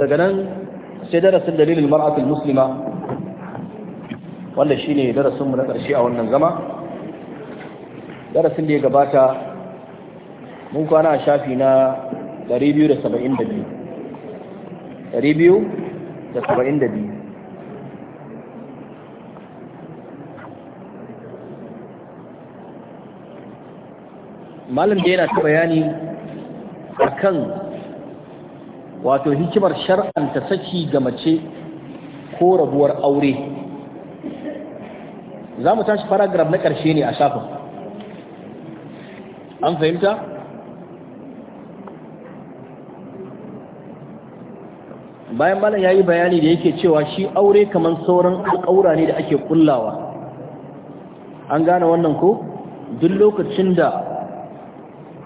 daga nan sai darasin dalilin mar'atul muslima wanda shine darasin mu na ƙarshe a wannan zama darasin da ya gabata mun kwana a shafi na 272 malam da yana ta bayani a akan wato hikimar shar'anta saki ga mace ko rabuwar aure za mu tashi paragraf na ƙarshe ne a shafin an fahimta? bayan malam ya yi bayani da yake cewa shi aure kamar sauran alƙaura ne da ake kullawa an gane wannan ko duk lokacin da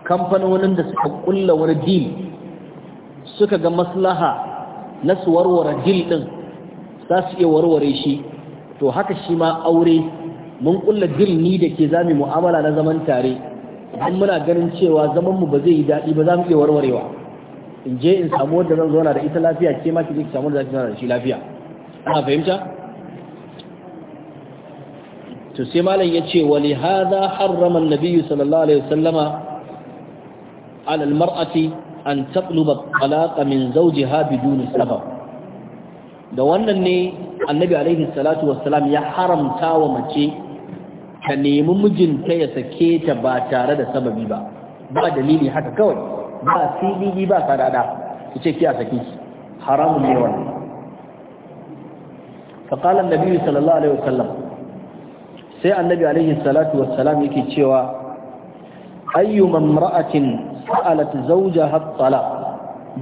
kamfanonin da suka kulla wani dini suka ga maslaha na su warware dil din za su iya warware shi to haka shi ma aure mun kulla dil ni da ke zami mu'amala na zaman tare don muna ganin cewa zaman mu ba zai yi daɗi ba za mu iya warwarewa in je in samu wanda zan zauna da ita lafiya ke ma ki je ki samu wanda zaki zauna da shi lafiya ana fahimta to sai malam ya ce wali hadha harrama an sallallahu alaihi wasallama ala al-mar'ati an taqluba talaqa min zawjiha biduni sabab da wannan ne annabi alaihi salatu wassalam ya haramta wa mace ta nemi mijinta ya sake ta ba tare da sababi ba ba dalili haka kawai ba silili ba sadada ce ki a shi haramun ne wannan فقال النبي صلى alaihi عليه وسلم sai annabi alaihi salatu wassalam yake cewa ayyu mamra'atin sa'alat zawjaha talaq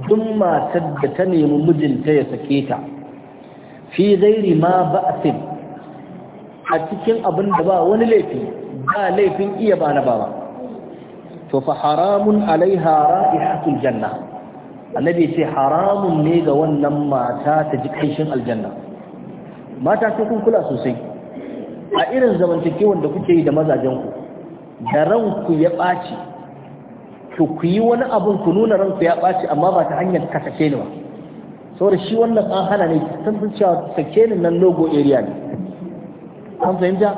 duk matar da ta nemi mijinta ya sake ta fi ghairi ma ba'sin a cikin abin da ba wani laifi ba laifin iya ba na baba to fa haramun alaiha ra'ihatul janna annabi ce haramun ne ga wannan mata ta ji kanshin aljanna mata sai kun kula sosai a irin zamantakewan da kuke yi da mazajen ku da ranku ya ɓaci ku yi wani abun ku nuna ranku ya ɓaci amma ba ta hanyar ka sake ni ba saboda shi wannan an hana ne san sun cewa sake ni nan logo area ne an fahimta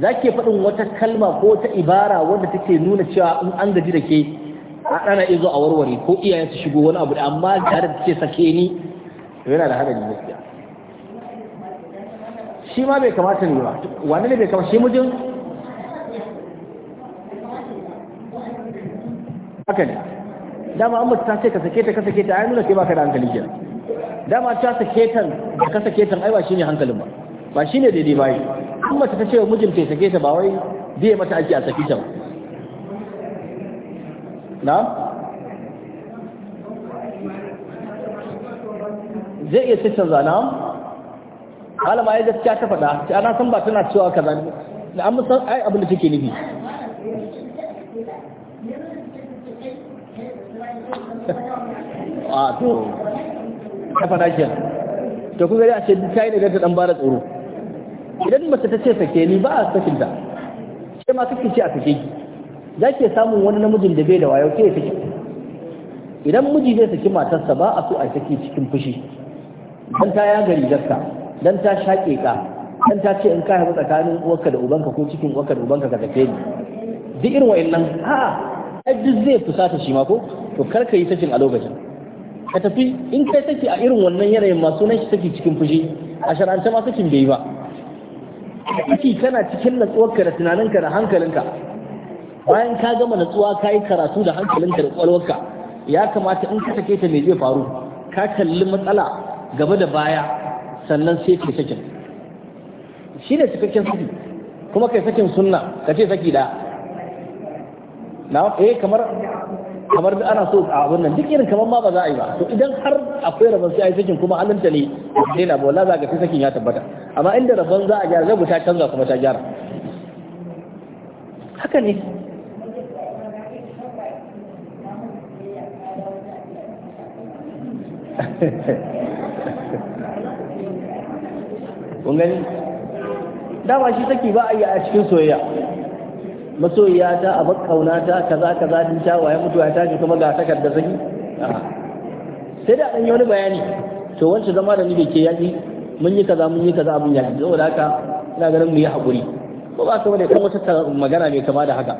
za ke faɗin wata kalma ko wata ibara wanda take nuna cewa in an gaji da ke a ɗana izo a warware ko iyayen su shigo wani abu da amma tare da take sake ni yana da hadari gaskiya shi ma bai kamata ne ba wani ne bai kamata shi mujin haka ne dama an mutu ta ce ka sake ta ka sake ta ai nuna kai baka da hankali kenan dama ta sake ta da ka sake ta ai ba shine hankalin ba ba shine daidai ba yi an mutu ta ce wa mijinta ya sake ta ba wai zai mata ake a sake ta ba na zai iya cikin zana alama ya gaskiya ta faɗa ta ana san ba tana cewa kaza da an san ai abin da take nufi a to ta fada to kun gari a ce ta yi daga dan bara tsoro idan mace ta ce sake ni ba a sakin ta ce ma kake ce a sake ki za ke samun wani namijin da bai da wayo ke sake idan miji zai saki matarsa ba a so a saki cikin fushi dan ta ya gari gaska dan ta shaƙe ka dan ta ce in ka haifi tsakanin uwarka da ubanka ko cikin uwarka da ubanka ka sake ni duk irin wa'annan a'a duk zai fusata shi ma ko to karka yi sakin a lokacin ka tafi in kai saki a irin wannan yanayin masu nan shi saki cikin fushi a shar'ance ma sakin bai yi ba kake kana cikin ka da tunaninka da hankalinka bayan ka gama natsuwa ka yi karatu da hankalinka da kwalwarka ya kamata in ka take ta me zai faru ka kalli matsala gaba da baya sannan sai ka sakin shi ne cikakken saki kuma kai sakin sunna ka ce saki da na eh kamar kamar da ana so a abin nan duk irin kamar ma ba za a yi ba to idan har akwai rabon sai a yi sakin kuma an ne sai na bola za ga fi sakin ya tabbata amma inda rabon za a gyara zai ta canza kuma ta gyara haka ne kun gani dama shi saki ba a yi a cikin soyayya masoyiya ta a bakkauna ta kaza kaza din ta waye mutu ya tashi kuma ga takarda saki sai da dan yi wani bayani to wance zama da ni da ke yaki mun yi kaza mun yi kaza abun yaki saboda haka ina ganin mu yi hakuri ko ba ka bane kan wata magana mai kama da haka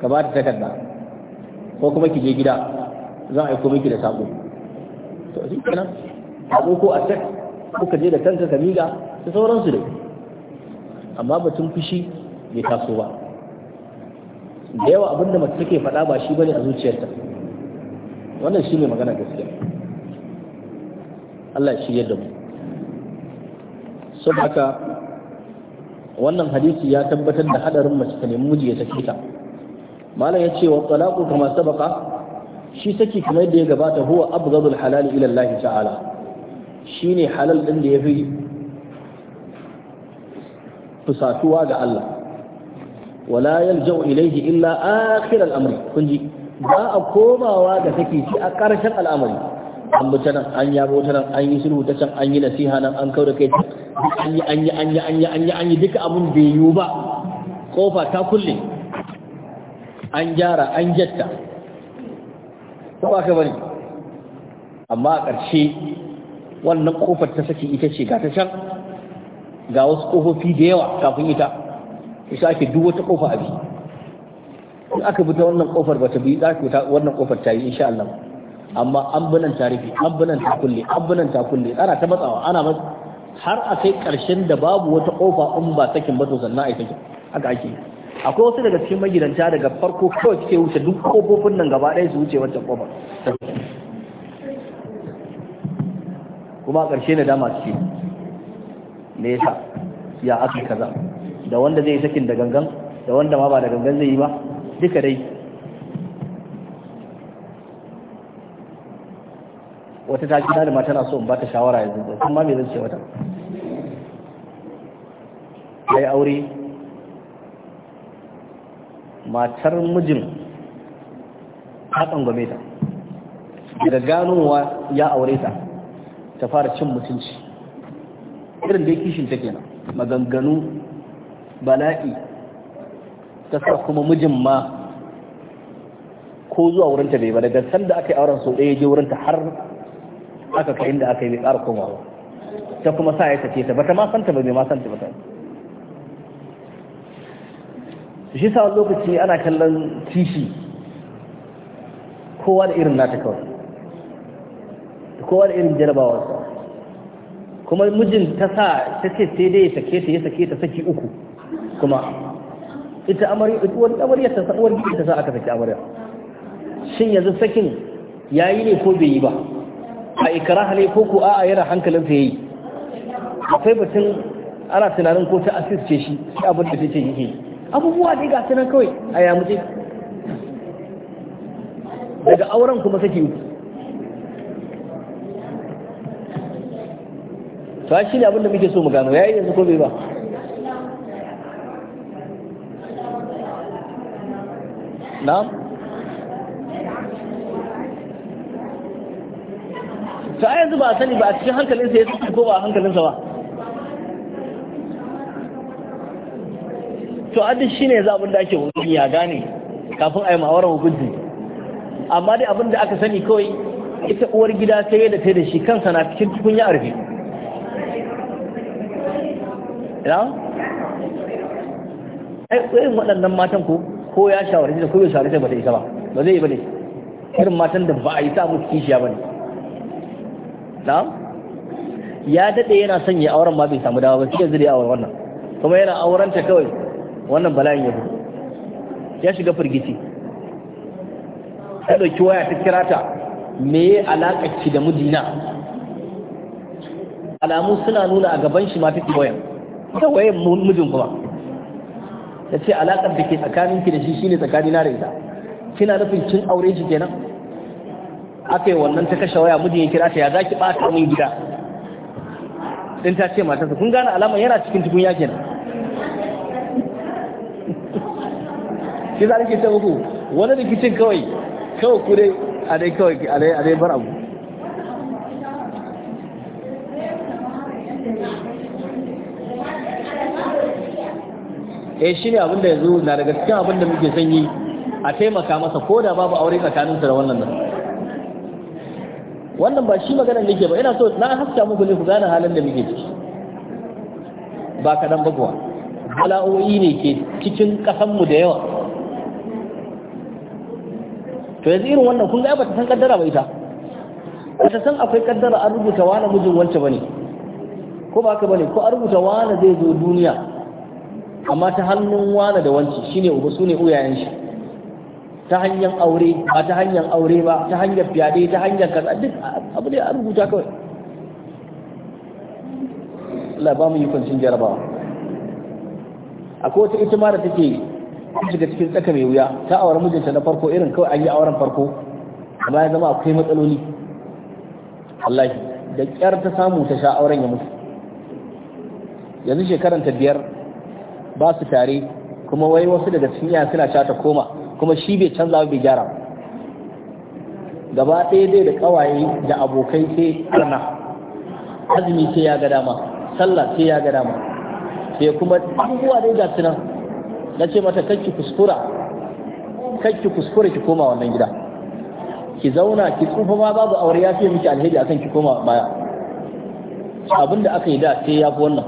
ka ba ta takarda ko kuma ki je gida za a aiko miki da sako to shi kenan sako ko a tek ko ka je da kanka ka miƙa da sauransu dai amma batun fushi bai taso ba da yawa abin da mace take faɗa ba shi bane a zuciyarta wannan shi ne magana gaskiya Allah ya shirya mu sun haka wannan hadisi ya tabbatar da hadarin mace ta nemi miji ya saki ta malam ya ce wa talaqu kama sabaka shi saki kamar yadda ya gabata huwa abghadul halal ila Allah ta'ala shine halal din da yafi fusatuwa ga Allah Walayal yalja'u ilayhi illa akhir al'amri kun ji Za a komawa ga take shi a ƙarshen al'amari an bi nan an yabo ta nan an yi sulhu ta an yi nasiha nan an kauda kai an yi an yi an yi an yi an yi an yi duka abun bai yiwu ba kofa ta kulle an gyara an jatta ko ba ka bari. amma a ƙarshe wannan kofar ta saki ita ce ga ta can ga wasu kofofi da yawa kafin ita isa ake duk wata kofa abi in aka bi ta wannan kofar ba ta bi za ta wannan kofar ta yi insha Allah amma an binan ta rufe an binan ta kulle an binan ta kulle ana ta matsawa ana mat har a kai karshen da babu wata kofa in ba sakin ba to sannan yi sakin haka ake akwai wasu daga cikin magidanta daga farko kawai suke wuce duk kofofin nan gaba ɗaya su wuce wancan kofar kuma a ƙarshe na dama suke nesa, ya aka kaza da wanda zai sakin da gangan da wanda ma ba da gangan zai yi ba duka dai wata ta kina da ma tana so in ba ta shawara yanzu da kuma me zan ce wata ya yi aure matar mijin ta tsangwame ta daga ganowa ya aure ta ta fara cin mutunci irin da ya kishin ta kenan maganganu bala'i ta sa kuma mijin ma ko zuwa wurinta bai ba daga sanda aka yi auren sau ɗaya je wurinta har aka kai inda aka yi bai ƙara komawa ta kuma sa ya sake ta bata ma santa ba mai ma santa ba ta shi sa lokaci ana kallon kishi kowa da irin nata kawai kowa da irin jarabawarsa kuma mijin ta sa ta ce sai dai ya sake ta ya sake ta saki uku kuma ita amarya uwar amarya ta uwar gidi ta sa aka saki amarya shin yanzu sakin yayi ne ko bai yi ba a ikraha ne ko ko a'a yana hankalin sa yayi akwai batun ana tunanin ko ta asis ce shi abin da take yake abubuwa dai ga tunan kawai a muje daga auren kuma saki uku ta shi ne abin da muke so mu gano yayi yanzu ko bai ba na'am ta yanzu ba a sani ba a cikin hankalinsa ya suke ko ba a hankalinsa ba to adin shi ne zaɓin da ake hukumi ya gane kafin a yi ma'aurar hukunci amma dai abin da aka sani kawai ita uwar gida ta yi da ta da shi kansa na cikin cikin ya arfi ai waɗannan matan ko ko ya shawarci da ko ya shawarci ba ta isa ba ba zai yi ba ne irin matan da ba a yi samun kishiya ba ne na'am ya daɗe yana son ya auren ma bai samu dawa ba sai yanzu auren wannan kuma yana auren ta kawai wannan bala'in ya fito ya shiga firgici ta ɗauki waya ta kira ta me ya alaƙa da mijina alamu suna nuna a gaban shi ma take wayan Ta wayan mijin kuma ta ce alaƙar da ke tsakanin ki da shi shine tsakani da ita kina nufin cin aure shi kenan aka yi wannan ta kashe waya mijin ya kira ta ya za ki ɓata min gida din ta ce matarsa kun gane alama yana cikin tukun ya kenan shi za nake ce muku wani rikicin kawai kawai ku dai a dai kawai a dai bar abu eh shine abin da yanzu na daga cikin abin da muke sanyi a taimaka masa ko da babu aure su da wannan nan wannan ba shi maganar nake ba ina so na haska muku ne ku gane halin da muke ciki ba kaɗan ba kuwa bala'o'i ne ke cikin mu da yawa to yanzu irin wannan kun ga ba ta san kaddara ba ita ba ta san akwai kaddara an rubuta wani mijin wancan ba ne ko ba haka ba ne ko an rubuta wani zai zo duniya amma ta hannun wane da wanci shine uba sune uyayen shi ta hanyar aure ba ta hanyar aure ba ta hanyar fiyade ta hanyar kaza duk abu ne a rubuta kawai Allah ba mu yi kwancin jarabawa akwai wata ita ma da take shiga cikin tsaka mai wuya ta aure mijinta na farko irin kawai an yi auren farko amma ya zama akwai matsaloli wallahi da kyar ta samu ta sha auren ya mutu yanzu shekaran ta biyar ba su tare kuma wai wasu daga cikin iyayen suna sha ta koma kuma shi bai canza bai gyara gaba ɗaya dai da ƙawaye da abokai sai arna azumi sai ya ga dama sallah sai ya ga dama sai kuma abubuwa dai gasu nan na ce mata kakki kuskura kakki kuskura ki koma wannan gida ki zauna ki tsufa ma babu aure ya fiye miki alheri akan ki koma baya Abinda aka yi da sai ya fi wannan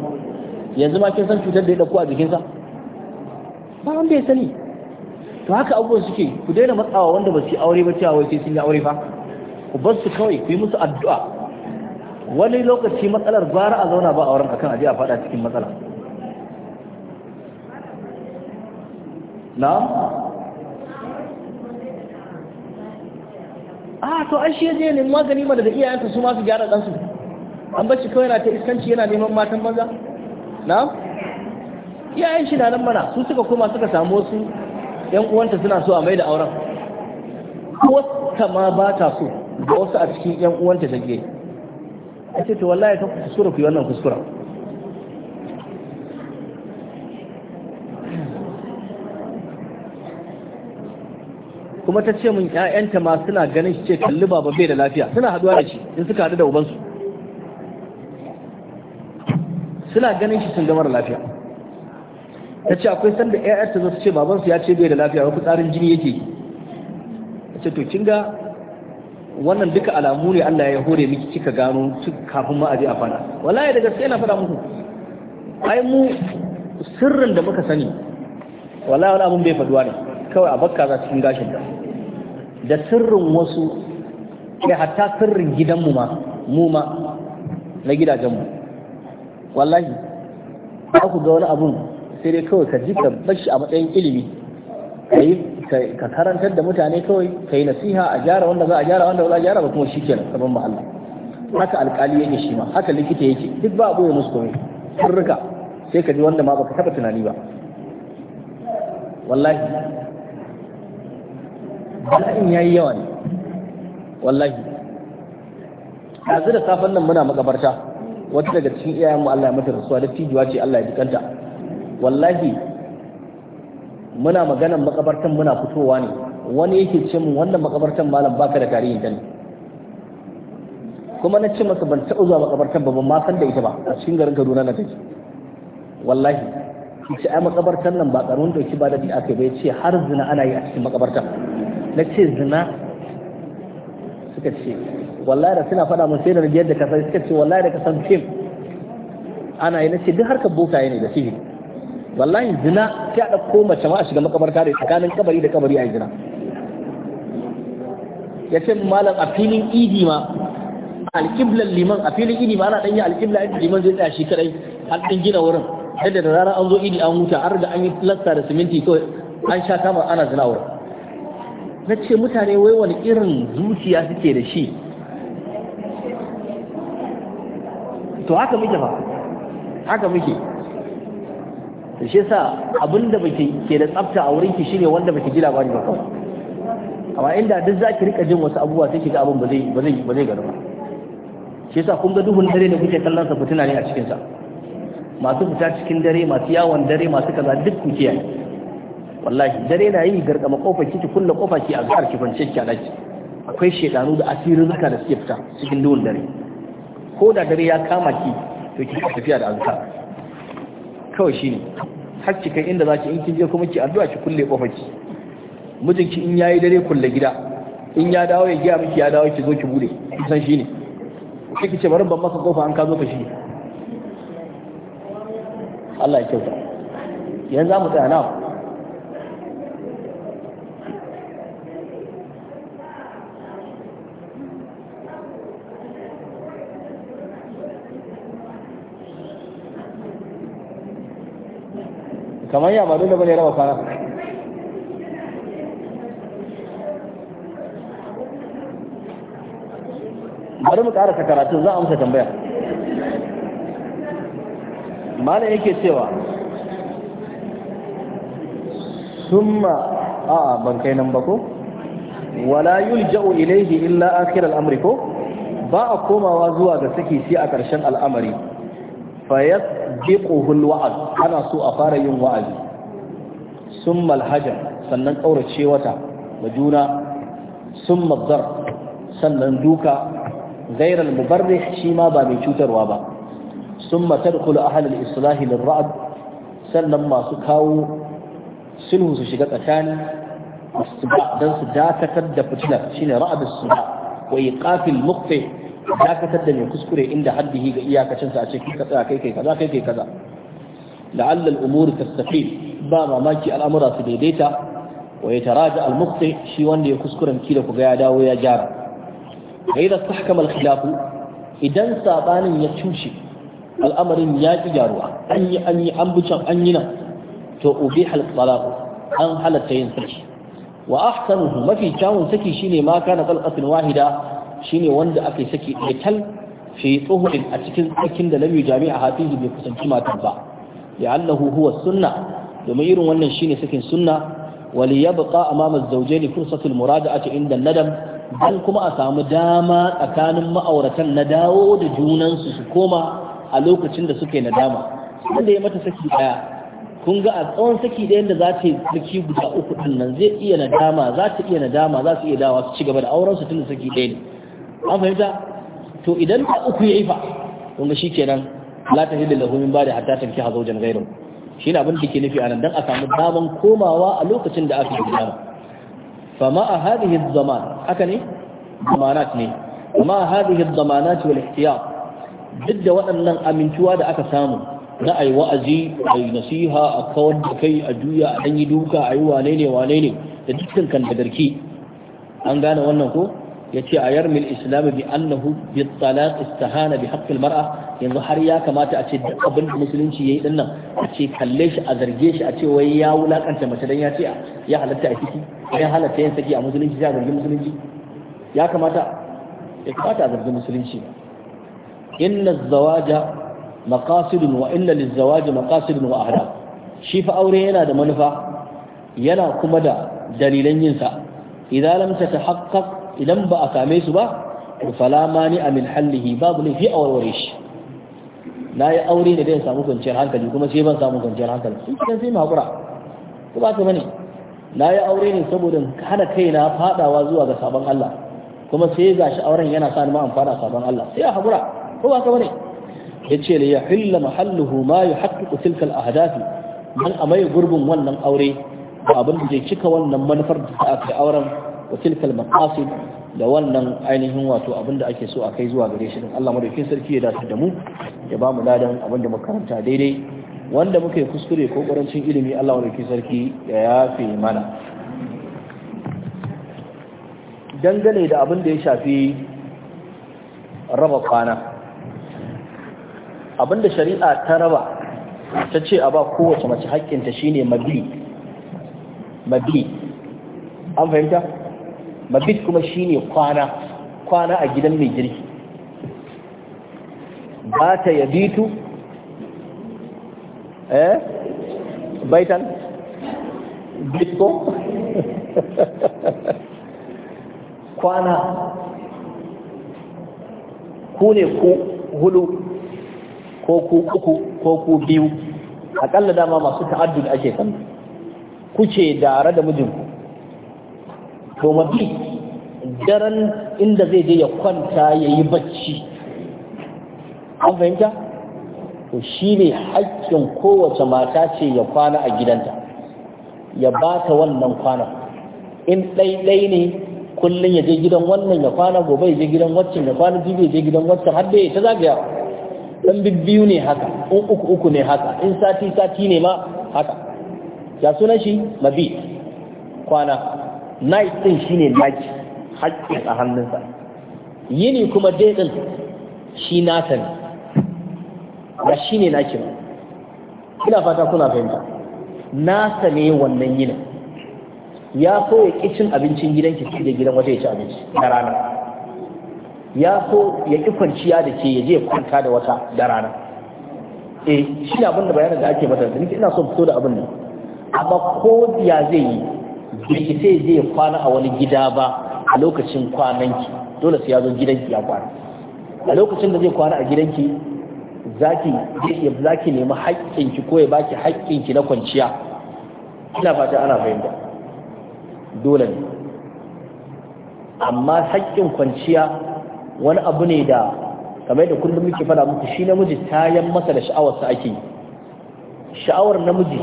yanzu ma kin san cutar da ya dauko a jikinsa ba wanda ya sani to haka abubuwan suke ku daina matsawa wanda ba su aure ba cewa wai sai sun yi aure fa ku bar su kawai ku yi musu addu'a wani lokaci matsalar gwara a zauna ba auren akan aje a fada cikin matsala Na? a to an shi zai ne magani mana da iyayenta su ma su gyara dan su an bar shi kawai na ta iskanci yana neman matan maza na iyayen shi na nan mana su suka koma suka samu wasu yan uwanta suna so a mai da auren wata ma ba ta so da wasu a cikin yan uwanta ta ke a ce ta wallahi ta kuskura ku yi wannan kuskura kuma ta ce min 'ya'yanta ma suna ganin shi ce kalli baba bai da lafiya suna haduwa da shi in suka haɗu da ubansu suna ganin shi sun ga mara lafiya ta ce akwai sanda ƴaƴar ta zo ce babansu ya ce bai da lafiya wani tsarin jini yake ta ce to ga wannan duka alamu ne Allah ya hore miki kika gano kafin ma a fada. a fada wallahi da gaske na fada muku ai mu sirrin da muka sani wallahi wani abun bai faduwa ne kawai a bakka za cikin gashin da da sirrin wasu kai hatta sirrin gidanmu ma mu ma na gidajenmu wallahi ba ku ga wani abun sai dai kawai ka ji ka bashi a matsayin ilimi ka karantar da mutane kawai ka yi nasiha a gyara wanda za a gyara wanda za a gyara ba kuma shi kenan saban ba Allah haka alƙali yake shi ma haka likita yake duk ba a boye musu komai sirrika sai ka ji wanda ma baka taba tunani ba wallahi bala'in yi yawa ne wallahi yanzu da safen nan muna makabarta wata daga cikin iyayen mu Allah ya mata rasuwa da tijuwa ce Allah ya dukanta wallahi muna maganan makabartan muna fitowa ne wani yake ce min wannan makabartan malam baka da tarihin ta ne kuma na ce masa ban taɓa zuwa makabartan ba ban ma san da ita ba a cikin garin Kaduna na take wallahi ce ai makabartan nan ba karamin dauki ba da aka bai ce har zina ana yi a cikin makabartan na ce zina suka ce wallahi da suna faɗa mun sai da da ka san suka ce wallahi da ka san fim ana yi nace duk harkar bokaye ne da sihiri wallahi zina ta da ko mace ma a shiga makabarta da tsakanin kabari da kabari a yi zina ya ce malam a filin idi ma alƙiblar liman a filin idi ma ana ɗanyi alƙibla idi liman zai tsaya shi kaɗai har ɗan gina wurin yadda da rana an zo idi an huta an riga an yi lasta da siminti kawai an sha kama ana zina wurin na ce mutane wai wani irin zuciya suke da shi to haka muke fa, haka muke da shi yasa abinda baki ke da tsafta a wurinki shine wanda baki ji labari ba kawai amma inda duk za ki rika jin wasu abubuwa sai ki ga abin ba zai ba zai ba zai gano ba shi yasa kun ga duhun dare ne kuke kallon sa fitina ne a cikin sa masu fita cikin dare masu yawon dare masu kaza duk ku yi. wallahi dare na yi gargama kofar ki ki kulle kofa ki a gar ki kwance ki a daki akwai shedanu da asirin zaka da suke fita cikin duhun dare ko da dare ya kama ki to ki tafiya da azkar kawai shine har ki kai inda zaki in kin je kuma ki addu'a ki kulle kofar ki mijinki in yayi dare kulle gida in ya dawo ya giya miki ya dawo ki zo ki bude san shine ne. ki ce bari ban maka kofa an ka zo ka shi Allah ya kyauta yanzu za mu tsaya nawa kamar ya ba dole bane raba kwana bari mu karata karatu za a musa tambaya malam yake cewa summa a'a ban kai nan ba ko wala yulja'u ilaihi illa akhir al-amri ko ba a komawa zuwa ga saki shi a ƙarshen al'amari fa tasbiquhul wa'az ana so a fara yin wa'azi summa alhajar sannan kaurace wata da juna summa dhar sannan duka ghayr almubarrih shi ma ba mai cutarwa ba summa tadkhulu ahl al-islah sannan masu kawo sulhu su shiga tsakani don su dakatar da fitilar shine ra'ad as kafin wa iqafil muqti dakatar da mai kuskure inda haddihi ga iyakacinsa a ce kai kaza kai kai kaza kai kai kaza la'alla ba mamaki al'amura su daidaita wa yataraja al mukti shi wanda ya kuskuren kila ku ga ya dawo ya gyara gaida tahkama al-khilaf idan sabanin ya cushe al'amarin ya ki gyaruwa an yi an yi an an yi nan to ubiha al an halatta yin saki wa ahsanuhu mafi kyawun saki shine ma kana qalqatin wahida shine wanda aka yi saki ɗaya tal fi tsohon a cikin tsakin da lamu jami'a hafizu bai kusanci matar ba ya allahu huwa sunna domin irin wannan shine sakin sunna wali ya buƙa amamar zauje ne fursatul murada a inda nadam dan kuma a samu dama tsakanin ma'auratan na dawo da junansu su koma a lokacin da suke nadama wanda ya mata saki ɗaya kun ga a tsawon saki ɗayan da za ta yi saki guda uku ɗin nan zai iya nadama za ta iya nadama za su iya dawa su ci gaba da auren su tun da saki ɗaya ne an fahimta to idan ta uku yayi fa wanda shikenan da lahumin lahu ba ba'da hatta tanki jan gairun shi ne abin da ke nufi anan don a samu daman komawa a lokacin da aka yi dama fama a hadihin zaman haka ne zamanat ne ma hadihin zamanat wal ihtiyat duk da waɗannan amintuwa da aka samu na yi wa'azi yi nasiha a kawar da kai a juya a ɗanyi duka a yi wane ne wane ne da dukkan kan da garki an gane wannan ko yace a yarmil islam bi annahu bi talaq istahana bi haqqi mar'a yanzu har ya kamata a ce duk abin da musulunci yayi din nan a ce kalle shi a zarge shi a ce wai ya wulakanta mace dan ya ce ya halatta a ciki ya halatta yin saki a musulunci ya zargi musulunci ya kamata ya kamata a zargi musulunci inna zawaja maqasidun wa inna lizawaji maqasidun wa ahdaf shi fa aure yana da manufa yana kuma da dalilan yin sa idan lam tatahaqqaq idan ba a same su ba fala mani amin hallihi babu laifi a warware shi na yi aure ne dai samu kwanciyar hankali kuma sai ban samu kwanciyar hankali sun kiran sai makura ko ba ka bane na yi aure ne saboda hana kaina fadawa zuwa ga sabon Allah kuma sai gashi auren yana sa ni ma amfana sabon Allah sai a hakura ko ba ka bane yace li yahilla mahalluhu ma yuhaqqiqu tilka al-ahdath man amai gurbin wannan aure abin da zai cika wannan manufar da aka auren wa tilkal maqasid da wannan ainihin wato abinda ake so a kai zuwa gare shi din Allah madaukakin sarki ya dace da mu ya ba mu ladan abinda da karanta daidai wanda muka kuskure ko ƙarancin ilimi Allah madaukakin sarki ya yafe mana dangane da abin da ya shafi raba kwana Abinda shari'a ta raba ta ce a ba kowace mace haƙƙinta shine mabi mabi an fahimta mabit kuma shine kwana kwana a gidan mai girki ba ta yabitu eh baitan bitko kwana ku ne ku hudu ko ku uku ko ku biyu akalla dama masu ta'addud ake kan ku ce dare da mijinku to bi daren inda zai je ya kwanta ya yi bacci an fahimta to shi ne haƙƙin kowace mata ce ya kwana a gidanta ya ba ta wannan kwana? in ɗaiɗai ne kullum ya je gidan wannan ya kwana gobe ya je gidan waccan ya kwana jibi ya je gidan waccan har da ta zagaya Ɗan bibbiyu ne haka in uku uku ne haka in sati sati ne ma haka ya suna shi mabi kwana night din shine naki haƙƙin a hannunsa yini kuma dai din shi nasa ne ba shi ne naki ba ina fata kuna fahimta nasa ne wannan yini ya so ya ƙi cin abincin gidanki sai da gidan waje ya ci abinci da rana ya so ya ƙi kwanciya da ke ya je ya kwanta da wata da rana eh shi abin da bayanin da ake masa da nake ina son fito da abin nan amma ko ya zai yi bai ki sai zai kwana a wani gida ba a lokacin kwananki dole su ya zo gidanki ya kwana a lokacin da zai kwana a gidanki zaki zaki nemi haƙƙinki ko ya baki haƙƙinki na kwanciya ina fata ana fahimta dole ne amma haƙƙin kwanciya wani abu ne da kamar da kullum muke fada muku shi namiji tayan masa da sha'awarsa ake yi sha'awar namiji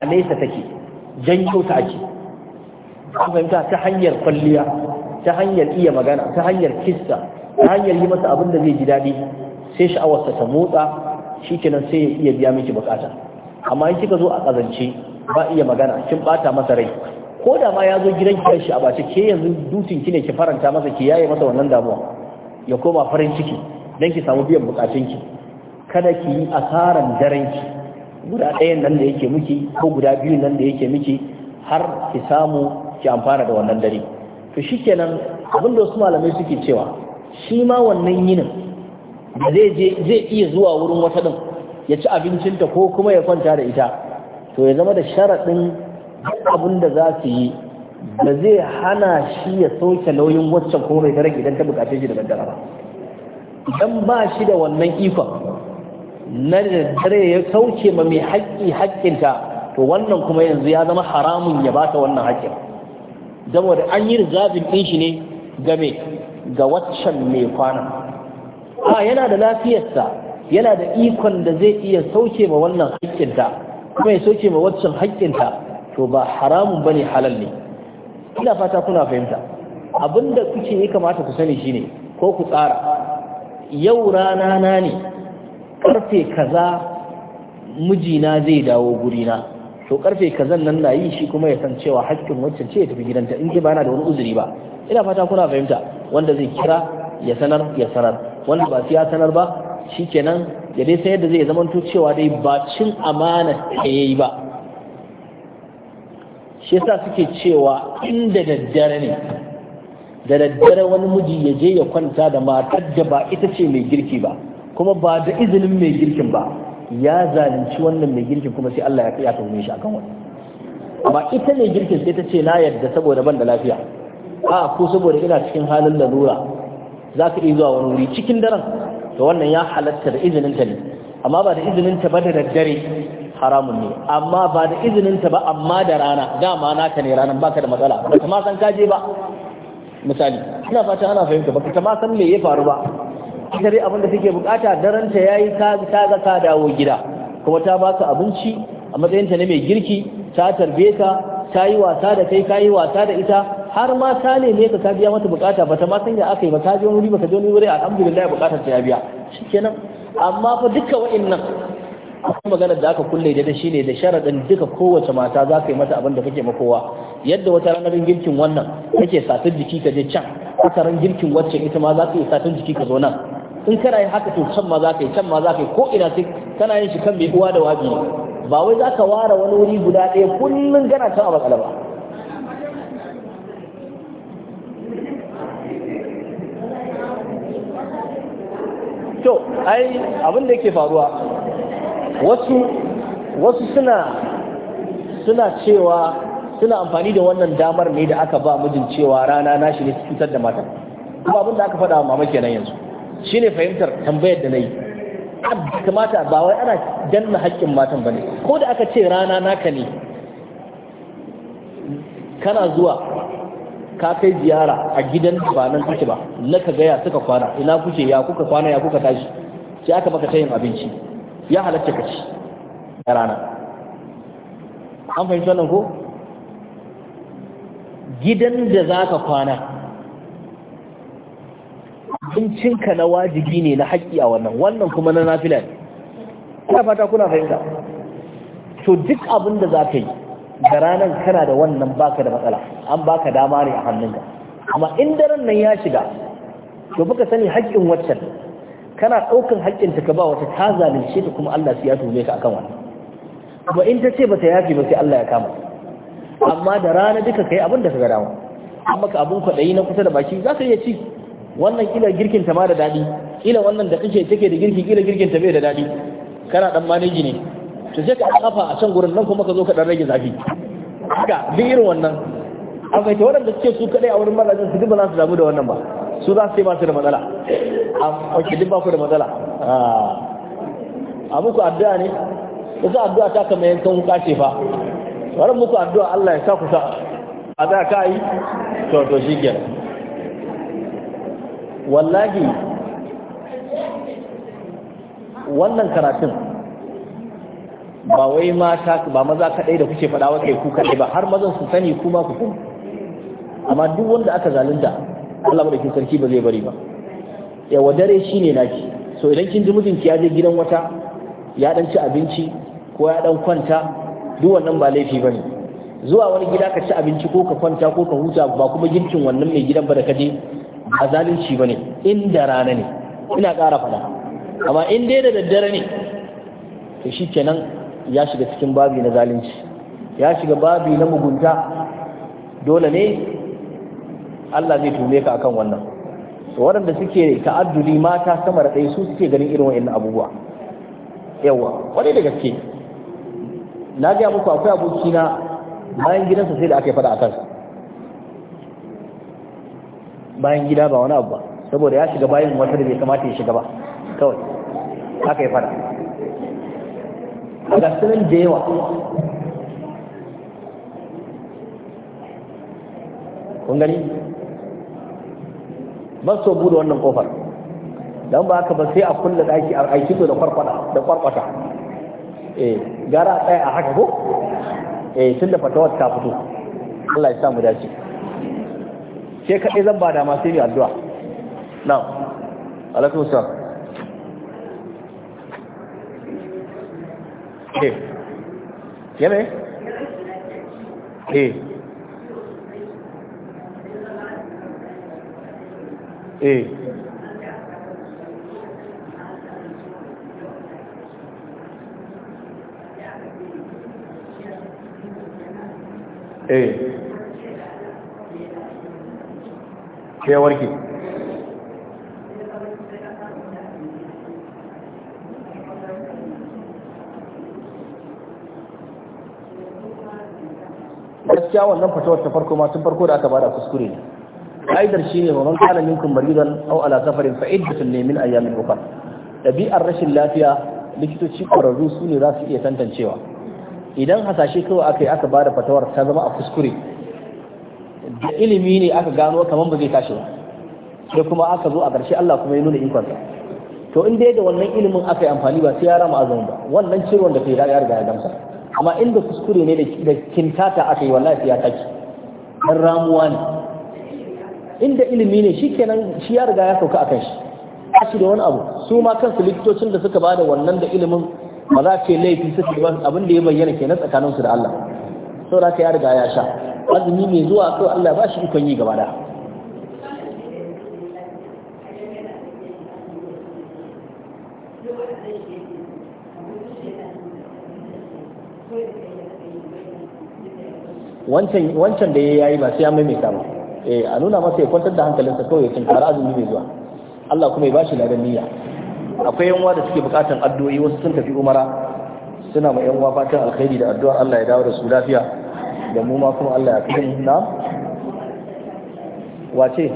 a nesa take janyo ta ake fahimta ta hanyar kwalliya ta hanyar iya magana ta hanyar kissa ta hanyar yi masa abin da zai ji daɗi sai sha'awarsa ta motsa shi kenan sai ya iya biya miki bukata amma in kika zo a ƙazance ba iya magana kin bata masa rai ko da ma ya zo gidan ki shi a bace ke yanzu dutin ki ne ki faranta masa ki yaye masa wannan damuwa ya koma farin ciki dan ki samu biyan bukatun ki kada ki yi asaran daren ki guda ɗayan nan da yake miki ko guda biyu nan da yake miki har ki samu ki amfana da wannan dare to shikenan abin da wasu malamai suke cewa shi ma wannan yinin da zai je zai iya zuwa wurin wata din ya ci abincin ta ko kuma ya kwanta da ita to ya zama da sharaɗin abin da za su yi da zai hana shi ya sauke nauyin waccan ko mai daren idan ta bukace shi da daddara ba idan ba shi da wannan ikon na da dare ya sauke ma mai haƙƙi haƙƙinta to wannan kuma yanzu ya zama haramun ya bata wannan haƙƙin saboda an yi rizabin ɗin shi ne game ga waccan mai kwana a yana da lafiyarsa yana da ikon da zai iya sauke ma wannan haƙƙinta kuma ya sauke ma waccan haƙƙinta to ba haramun bane halal ne ina fata kuna fahimta abinda kuke ya kamata ku sani shine ko ku tsara yau rana na ne karfe kaza mijina zai dawo guri na to karfe kazan nan na yi shi kuma ya san cewa hakkin waccan ce ya tafi gidanta in ba na da wani uzuri ba ina fata kuna fahimta wanda zai kira ya sanar ya sanar wanda ba su ya sanar ba shi kenan ya dai sayar yadda zai to cewa dai ba cin amana ta yayi ba shi yasa suke cewa inda daddare ne da daddare wani miji ya je ya kwanta da matar da ba ita ce mai girki ba kuma ba da izinin mai girkin ba ya zalunci wannan mai girkin kuma sai Allah ya ya kaune shi akan wani. amma ita mai girkin sai ta ce na yadda saboda ban da lafiya a ko saboda ina cikin halin lalura za ka iya zuwa wani wuri cikin daren to wannan ya halatta da izinin ta ne amma ba da izinin ta ba da daddare haramun ne amma ba da izinin ta ba amma da rana dama naka ne ranan baka da matsala ba ta ma san kaje ba misali ina fata ana fahimta baka ta ma san me ya faru ba ita dai abin da take bukata daren ta yayi ta ta ga ta dawo gida kuma ta baka abinci a matsayin ta ne mai girki ta tarbe ka ta yi wasa da kai ka yi wasa da ita har ma ta ne ne ka biya mata bukata ba ta ma sanya aka yi ba ta je wani wuri ba ka je wani wuri alhamdulillah bukatar ta ya biya shikenan amma fa dukkan wa'annan akwai maganar da aka kulle da shi ne da sharaɗin duka kowace mata za ka yi mata abin da kake makowa yadda wata ranar girkin wannan kake satar jiki ka je can wata ran girkin wacce ita ma za ka yi satar jiki ka zo nan in kana yin haka to can ma za ka yi can ma za ka yi ko ina sai kana yin shi kan mai uwa da wabi ba wai za ka ware wani wuri guda ɗaya kullum gana can a bakala ba to ai abin da yake faruwa wasu wasu suna suna cewa suna amfani da wannan damar ne da aka ba mijin cewa rana na shi ne cutar da mata kuma abin aka faɗa mama kenan yanzu Shi ne fahimtar tambayar da na nayi kamata ba wai ana danna haƙƙin matan bane ko da aka ce rana naka ne kana zuwa ka kai ziyara a gidan ba nan kake ba na ka gaya suka kwana ina kuke ya kuka kwana ya kuka tashi sai aka maka tayin abinci ya halatta ka ci a rana an fahimci wannan ko gidan da za ka kwana abincinka na wajibi ne na haƙƙi a wannan wannan kuma na nafila ne Kuna fata kuna fahimta to duk abin da za ka yi da ranar kana da wannan baka da matsala an baka dama ne a hannunka amma in daren nan ya shiga to baka sani haƙƙin waccan kana ɗaukan haƙƙin ta ka ba wata ta zalunce ta kuma Allah su ya tume ka akan wannan kuma in ta ce bata yafi ba sai Allah ya kama amma da rana duka kai abin da ka ga dama amma ka abin kwaɗayi na kusa da baki za ka iya ci wannan kila girkin ta ma da daɗi kila wannan da kake take da girki kila girkin ta bai da daɗi kana dan maneji ne to sai ka kafa a can gurin nan kuma ka zo ka dan rage zafi haka duk irin wannan akwai ta waɗanda suke su kaɗai a wurin malajin su duk ba za su damu da wannan ba su za su yi masu da matsala a ke duk ba ku da matsala ah. a muku addu'a ne kusa addu'a ta kama yankan wuka ce fa Wannan muku addu'a Allah ya sa kusa. sa a za ka yi to to shi kenan wallahi wannan karatun ba wai mata ba maza kaɗai da kuke faɗa wata ku kaɗai ba har mazan su sani kuma ku kuma amma duk wanda aka zalunta Allah madaukin sarki ba zai bari ba yawa dare ne naki so idan kin ji mijinki ya je gidan wata ya dan ci abinci ko ya dan kwanta duk wannan ba laifi bane zuwa wani gida ka ci abinci ko ka kwanta ko ka huta ba kuma girkin wannan mai gidan ba da je? ba zalunci ba ne in rana ne ina ƙara faɗa. amma in dai da daddare ne to shi kenan ya shiga cikin babi na zalunci ya shiga babi na mugunta dole ne Allah zai tume ka akan wannan to waɗanda suke ta'adduli mata sama da ɗaya su suke ganin irin wa'annan abubuwa yawa wani da gaske na gaya muku akwai abokina bayan gidansa sai da aka yi fada a kansa bayan gida ba wani abu ba saboda ya shiga bayan wata da bai kamata ya shiga ba kawai haka ya fara a gasunan da yawa kun gani ba so bude wannan kofar don ba haka ba sai a kulle daki a aiki da kwarkwata da kwarkwata eh gara a tsaya a haka ko eh tun da fatawar ta fito Allah ya samu dace ke kaɗai zan ba dama sai mai addu'a na alaikun ke eh yana eh sai warke gaskiya wannan fatawar ta farko ma tun farko da aka bada kuskure ne a'idar shi ne wannan kalamin kun Bari maridan aw ala safarin fa iddatun ne min ayyamin ukhra dabi'ar rashin lafiya likitoci ƙwararru su ne za su iya tantancewa idan hasashe kawai aka yi aka bada fatawar ta zama a kuskure da ilimi ne aka gano kamar ba zai tashi ba Da kuma aka zo a ƙarshe Allah kuma ya nuna ikonsa to in dai da wannan ilimin aka yi amfani ba sai ya rama azumin ba wannan ciwon da kai ya riga ya gamsa amma inda kuskure ne da kintata aka yi wallahi sai ya tashi dan ramuwa ne inda ilimi ne shikenan shi ya riga ya sauka akan shi tashi da wani abu su ma kansu likitocin da suka bada wannan da ilimin ba za ce laifi suke ba abin da ya bayyana kenan tsakaninsu da Allah saboda ka ya riga ya sha azumi mai zuwa kawai Allah ba shi ikon yi gaba da wancan da ya yi ba sai ya maimaita ba eh a nuna masa ya kwantar da hankalinsa kawai ya tunkara azumi mai zuwa Allah kuma ya ba shi ladan niyya akwai yanwa da suke bukatan addu'o'i wasu sun tafi umara suna ma yanwa fatan alkhairi da addu'a Allah ya dawo da su lafiya da mu ma kuma Allah ya mu na wace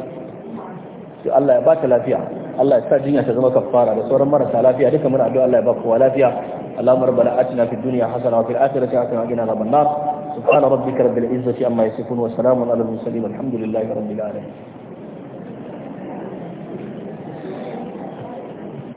to Allah ya bata lafiya Allah ya sa jinya ta zama kafara da sauran marasa lafiya duka muna addu'a Allah ya ba kowa lafiya اللهم ربنا آتنا في الدنيا حسنة وفي الآخرة حسنة وقنا عذاب النار سبحان ربك رب العزة عما يصفون وسلام على المرسلين والحمد لله رب العالمين